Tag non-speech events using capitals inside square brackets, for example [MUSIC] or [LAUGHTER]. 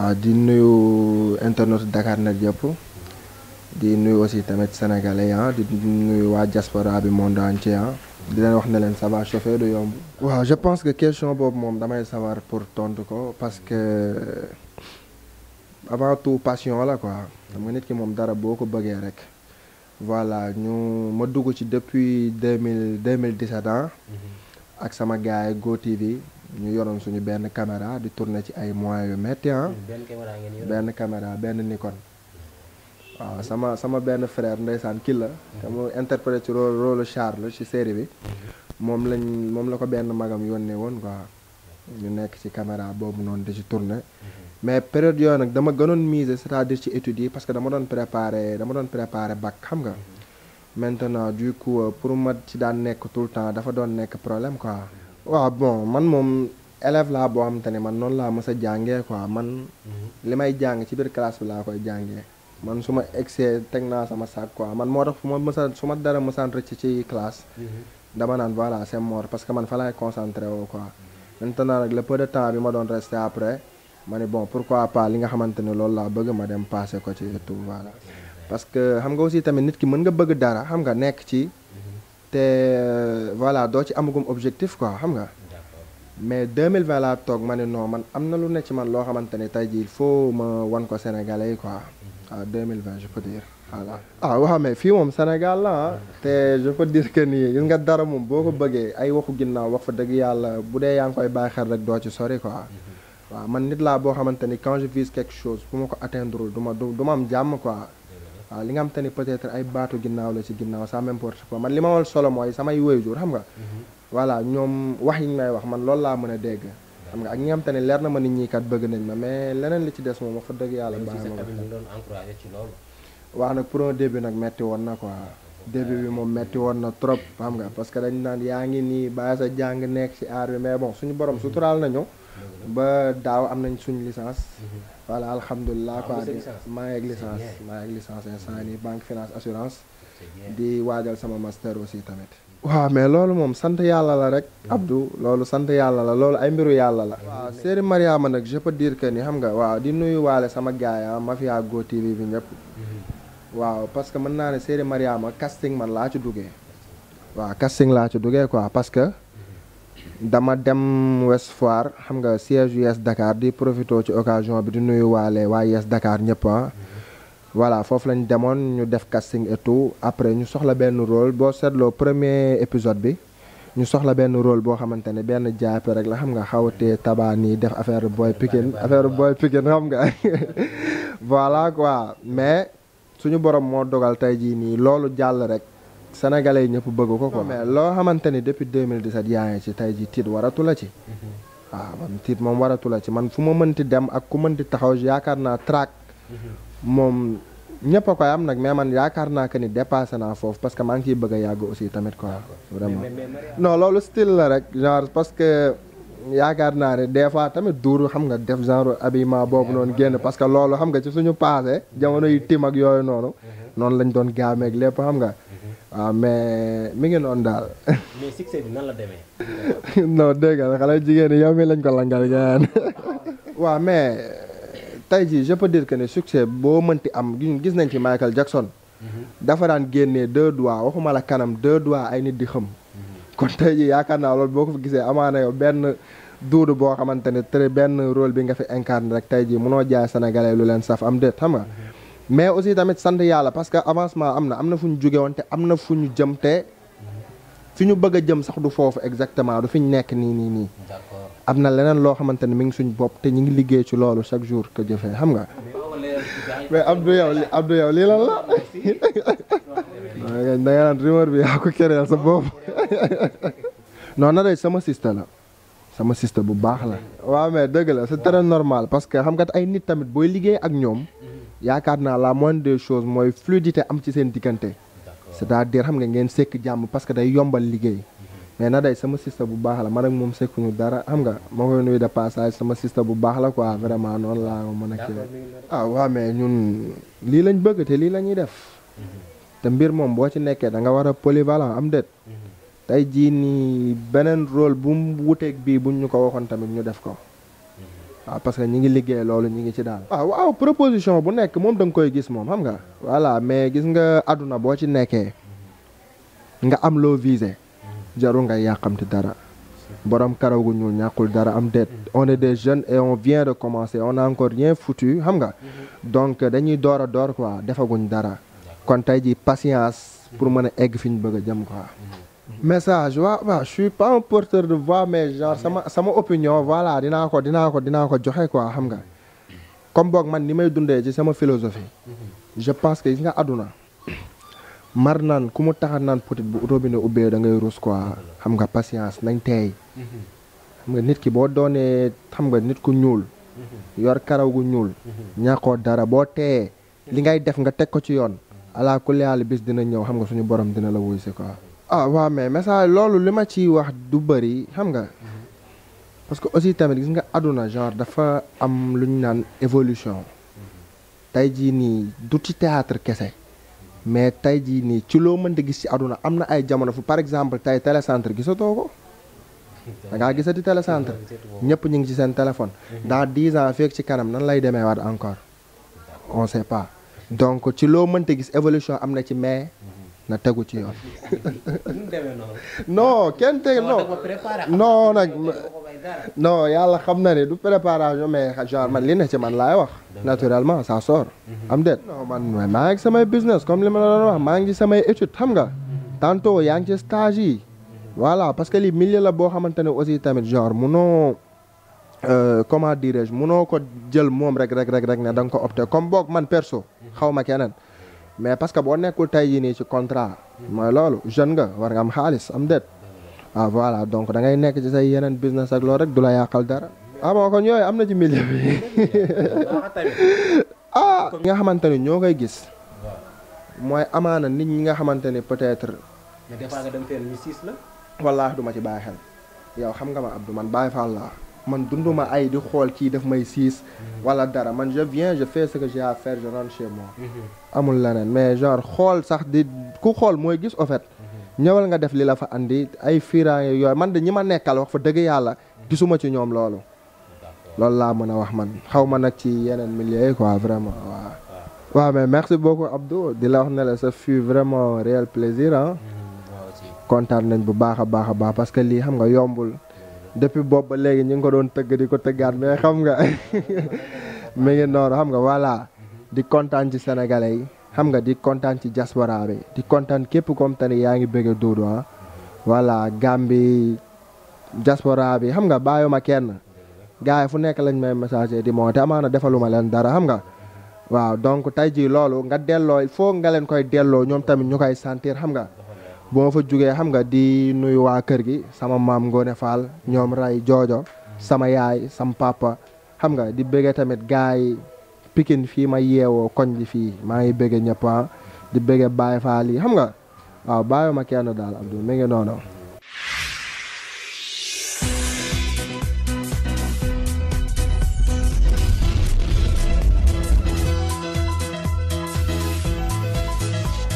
waaw di nuyu internet Dakar Net yëpp di nuyu aussi tamit sénégalais ah di nuyu waa diaspora bi monde entier ah. di leen wax na leen ça va chauffer du yomb. waaw je pense que question boobu moom damay sawar pour tontu ko parce que avant tout passion la quoi xam nga nit ki moom dara boo ko bëggee rek. voilà ñu ma dugg ci depuis deux mille deux mille dix-sept ans. Mm-hmm. ak sama gars yi GoTV ñu yoroon suñu benn caméra di tourner ci ay moyens yu metti ah. Mm, benn caméra ngeen benn caméra benn Nikon. waaw sama sama benn frère ndeysaan kii la. Mm-hmm. te mu interprète ci rôle rôle Charles ci série bi. Mm-hmm. moom lañ moom la ko benn magam nee woon quoi. ñu nekk ci caméra boobu noon di ci tourner. Mm-hmm. mais période yooyu nag dama gënoon miser c'est-à-dire ci études yi parce que dama doon préparer dama doon préparer bac xam nga. maintenant du coup euh, pour ma ci daan nekk tout le temps dafa doon nekk problème quoi. waaw bon man moom élève laa boo xam ne man noonu laa mës a jàngee quoi man. Mhm. li may jàng ci biir classe bi koy jàngee. man su ma egsee teg naa sama sac quoi man moo tax fu ma mës a su ma dara mësaan rëcc ci classe. Mhm. dama naan voilà c'est mort que man fa laay concentré woo quoi. maintenant nag le peu temps bi ma doon resté après ma ne bon pourquoi pas li nga xamante ne loolu laa bëgg ma dem passé ko ci tout voilà. parce que xam nga aussi tamit nit ki mën nga bëgg dara xam nga nekk ci. te euh, voilà doo ci amagum objectif quoi xam nga. mais 2020 laa toog ma ne non man am na lu ne ci man loo xamante ne tey jii il ma wan ko Sénégalais yi quoi. Mhm. ah 2020 je peux dire voilà. ah waaw mais fii moom Sénégal la ah. mhm. te je peux dire que nii nga dara moom boo ko bëggee ay waxu ginnaaw wax fa dëgg yàlla bu dee yaa ngi koy bàyyi xel rek doo ci sori quoi. Mhm. waaw man nit laa boo xamante ni quand je vise quelque chose bu ma ko atteindre du ma du ma am jàmm quoi. waaw li nga xam te ni peut-être ay baatu ginnaaw la ci ginnaaw ça m'importe pas man li ma wal solo mooy samay waajur xam nga mhm. voilà ñoom wax yi ñu may wax man loolu laa mën a dégg xam nga ak ñi nga xam te ne leer na ma nit ñi kat bëgg nañ ma mais leneen li ci des moom wax fa dëgg yàlla baax ma waaw nag pour un début nag metti woon na quoi ah, début bi moom metti woon na trop xam nga parce que dañ naan yaa ngi nii bàyyi sa jàng nekk ci aar bi mais bon suñu borom su suturaal nañu ba daaw am nañ suñu licence mhm. voilà alhamdulilah ah, maa ngi ak licence maa ngi ak licence instant nii mm. banque finance assurance di waajal sama master aussi tamit mm. waa mais loolu moom sant yàlla la rek mm. Abdou loolu sant yàlla la loolu ay mbiru yàlla la waaw Serigne Mariama nag je peux dire ni xam nga waaw di nuyu waale sama gaaya ah, Mafia Go TV bi ñëpp mm-hmm. waaw parce que mën naa ne Serigne Mariama casting man laa ci duggee waaw casting laa ci duggee quoi parce que dama dem West Foire xam nga siège yu Dakar di profito ci occasion bi di nuyu waale waa Yes Dakar ñëpp ah. voilà foofu lañ demoon ñu def casting et après ñu soxla benn rôle boo seetloo premier épisode bi ñu soxla benn rôle boo xamante ne benn jaape rek la xam nga xawatee tabaan nii def affaire boy Pikine affaire boy Pikine xam nga [LAUGHS] voilà quoi mais suñu borom moo dogal tey jii nii loolu jàll rek. sénégalais yi ñëpp bëgg ko ko mais loo xamante ni depuis 2017 yaa ngi ci tey ji tiit waratu la ci waaw mm-hmm. ah, man tiit moom waratu la ci man fu ma mënti dem ak ku mënti taxaw yaakaar naa track mm-hmm. moom ñëpp a koy am nag mais man yaakaar naa ko ni dépassé naa foofu parce que maa ngi ciy bëgg a yàgg aussi tamit quoi vraiment non loolu style la rek genre parce que yaakaar naa ne des fois tamit duuru xam nga def genre habillement boobu noonu génn parce que loolu xam nga ci suñu passé jamono yu mm-hmm. tim yooyu noonu noonu lañ doon gaameeg lépp xam nga waaw ah, mais mi ngi noonu daal. [LAUGHS] mais succès la demee. non dégg xale jigéen yow mi lañ ko langal gaan [LAUGHS] waa mais tey jii je peux dire que ne succès boo mënti am gis nañ ci Michael Jackson. Mhm. dafa daan génnee deux doigts waxuma la kanam deux doigts ay nit di xam. Mhm. kon tey jii yaakaar naa loolu boo ko gisee amaana yow benn duudu boo xamante ne te benn role bi nga fi incarné rek tey jii munoo jaay sénégalais lu leen saf am déet xam nga. Mhm. mais aussi tamit sant yàlla parce que avancement am na am na fu ñu jóge woon te am na fu ñu jëm te fi ñu bëgg a jëm sax du foofu exactement du fi ñu nekk nii nii nii. am na leneen loo xamante ne mi ngi suñ bopp te ñu ngi liggéey ci loolu chaque jour que jëfee xam nga. mais Abdou yow lii lan la. [LAUGHS] da nga naan rumeur bi sa bopp. non na day sama sista la. sama sista bu baax la. [LAUGHS] waaw mais dëgg la c'est très normal parce que xam nga ay nit tamit booy liggéey ak ñoom. Mm-hmm. yaakaar naa la moindre de choses mooy fluidité am ci seen diggante cest à xam nga ngeen sekk jàmm parce que day yombal liggéey mhm. mais na day sama sista bu baax la man ak moom sekkuñu dara xam nga ma koy nuyu de passage sama sista bu baax la quoi vraiment noonu laa mën a kii ah waa mais ñun lii lañ bëgg te lii lañuy def mhm. te mbir moom boo ci nekkee da nga war a polyvalent am de mhm. tey jii nii beneen rôle bu mu wuteeg bii buñ ñu ko waxoon tamit ñu def ko waaw ah, que ñi ngi liggéey loolu ñi ngi ci daal waaw ah, waaw proposition bu nekk moom da koy gis moom xam nga voilà mais gis nga àdduna boo ci nekkee nga am loo visé jarul nga yàqamti dara borom karaw gu ñuul ñàkkul dara am déet mm-hmm. on ne des jeunes et on vient de commencer on a encore rien foutu xam nga mm-hmm. donc dañuy door a door quoi defaguñ dara kon tey jii patience pour mën a egg fi ñu bëgg a jëm quoi mm-hmm. message waaw waaw je suis pas un porteur de voix mais sama sama opinion voilà dinaa ko dinaa ko dinaa ko joxe quoi xam nga comme boog man ni may dundee ci sama philosophie mhm. je pense que yi nga adduna mar naan ku mu taxa naan peut-être bu robinet ubbee da ngay rus quoi xam nga patience nañ teey mhm. xam nga nit ki boo doonee xam nga nit ku ñuul mhm. yor karaw gu ñuul ñàkkoo dara boo teeyee li ngay def nga teg ko ci yoon alaa kulli haal bis dina ñëw xam nga suñu borom dina la wuy quoi ah waaw mais message loolu li ma ciy wax du bëri xam nga mm-hmm. parce que aussi tamit gis nga àdduna genre dafa am lu ñu naan évolution mm-hmm. tey jii nii du ci théâtre kese mais tey jii nii ci loo mënta gis ci àdduna am na ay jamono fu par exemple tey télécentre gisatoo ko [LAUGHS] da ngaa gisati télécentre [LAUGHS] ñëpp ñu ngi ci seen téléphone mm-hmm. dans dix ans feeg ci kanam nan lay demee waat encore on sait pas donc ci loo mënta gis évolution am na ci mais na tegu ci yoon. [LAUGHS] non kenn teg non non nag non yàlla xam na ne du préparation mais genre man li ne ci man laay wax. naturellement ça sort. Mhm. am déet non man maa ngi samay business comme li ma a doon wax maa ngi samay étude xam nga. Mhm. tantôt yaa ngi ci stage yi. Mhm. voilà parce que li milieu la boo xamante ne aussi tamit genre munoo euh, comment dirais-je munoo ko jël moom rek rek rek rek ne da nga ko opté comme boog man perso xaw ma keneen. mais parce que boo nekkul tey jii nii ci contrat. mooy loolu jeune nga war nga am xaalis am déet. ah voilà donc da ngay nekk ci say yeneen business ak lool rek du la yàqal dara. ah bon ñooy am na ci milieu bi. [LAUGHS] ah. nga xamante ni ñoo koy gis. mooy amaana nit ñi nga xamante ni peut-être. mais des fois nga dem la. wallaahi du ma ci bàyyi xel. yow xam nga ma Abdou man bàyyi faal laa. man dunduma ay di xool ci daf may siis mhm. wala dara man je viens je fais ce que j'ai à faire je rentre chez moi mhm. amul leneen mais genre xool sax di ku xool mooy gis au fait mhm. ñëwal nga def li la fa andi ay fiiraange yooyu man de ñi ma nekkal wax fa dëgg yàlla gisuma ci ñoom loolu loolu laa mën a wax man xaw ma nag ci yeneen milieu yi quoi vraiment waa ah. waaw mais merci beaucoup Abdou di la wax ne la ça fut vraiment réel plaisir ah kontaan nañ bu baax a baax a baax parce que lii xam nga yombul depuis boobu ba léegi ñu ngi ko doon tëgg di ko tëggaat mais xam nga [LAUGHS] mi ngi noonu xam nga voilà di kontaan ci sénégalais yi xam nga di kontaan ci diaspora bi di kontaan képp comme te yaa ngi bëgg a Doudou ah voilà Gambie diaspora bi xam nga bàyyuma kenn gars yi fu nekk lañ may message di moo te na defaluma leen dara xam nga waaw donc tey jii loolu nga delloo il nga leen koy delloo ñoom tamit ñu koy sentir xam nga boo ma fa jugee xam nga di nuyu waa kër gi sama maam Ngone Fall ñoom ray joojo sama yaay sama papa xam nga di bëggee tamit gars yi Pikine fii ma yeewoo koñ ji fii maa ngi bëggee ñëpp ah. di bëggee Baye Fall yi xam nga waaw bàyyi ma kenn daal Abdou mi ngi noonu.